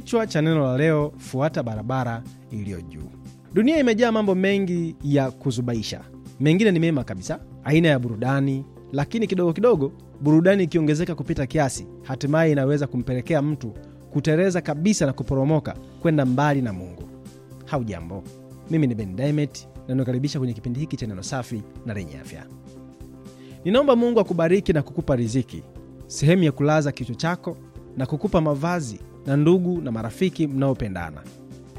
Kichwa cha neno la leo: fuata barabara iliyo juu. Dunia imejaa mambo mengi ya kuzubaisha, mengine ni mema kabisa, aina ya burudani, lakini kidogo kidogo burudani ikiongezeka kupita kiasi, hatimaye inaweza kumpelekea mtu kutereza kabisa na kuporomoka kwenda mbali na Mungu. hau jambo mimi ni Ben na nakaribisha kwenye kipindi hiki cha neno safi na lenye afya. Ninaomba Mungu akubariki na kukupa riziki, sehemu ya kulaza kichwa chako na kukupa mavazi na ndugu na marafiki mnaopendana.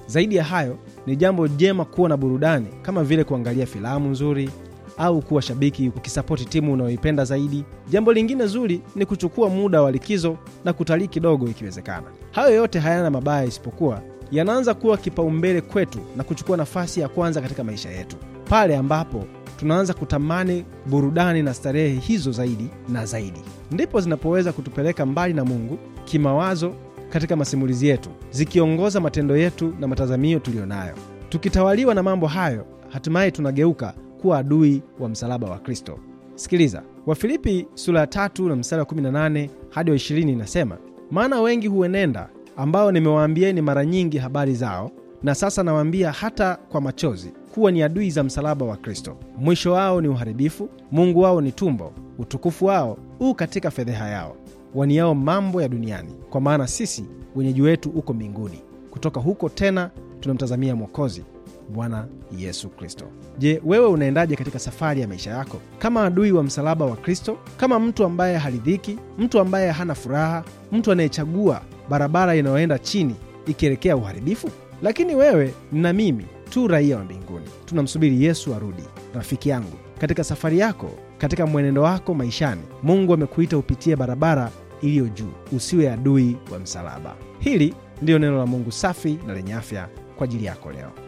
Zaidi ya hayo, ni jambo jema kuwa na burudani kama vile kuangalia filamu nzuri au kuwa shabiki ukisapoti timu unayoipenda zaidi. Jambo lingine zuri ni kuchukua muda wa likizo na kutalii kidogo ikiwezekana. Hayo yote hayana mabaya, isipokuwa yanaanza kuwa kipaumbele kwetu na kuchukua nafasi ya kwanza katika maisha yetu, pale ambapo tunaanza kutamani burudani na starehe hizo zaidi na zaidi, ndipo zinapoweza kutupeleka mbali na Mungu kimawazo katika masimulizi yetu, zikiongoza matendo yetu na matazamio tuliyo nayo Tukitawaliwa na mambo hayo, hatimaye tunageuka kuwa adui wa msalaba wa Kristo. Sikiliza Wafilipi sura ya tatu na mstari wa 18 hadi wa 20, inasema maana wengi huenenda, ambao nimewaambieni mara nyingi habari zao, na sasa nawaambia hata kwa machozi, kuwa ni adui za msalaba wa Kristo. Mwisho wao ni uharibifu, Mungu wao ni tumbo, utukufu wao u katika fedheha yao waniao mambo ya duniani, kwa maana sisi wenyeji wetu uko mbinguni. Kutoka huko tena tunamtazamia Mwokozi Bwana Yesu Kristo. Je, wewe unaendaje katika safari ya maisha yako? Kama adui wa msalaba wa Kristo, kama mtu ambaye haridhiki, mtu ambaye hana furaha, mtu anayechagua barabara inayoenda chini ikielekea uharibifu? Lakini wewe na mimi tu raia wa mbinguni, tunamsubiri Yesu arudi. Rafiki yangu, katika safari yako, katika mwenendo wako maishani, Mungu amekuita upitie barabara iliyo juu, usiwe adui wa msalaba. Hili ndiyo neno la Mungu safi na lenye afya kwa ajili yako leo.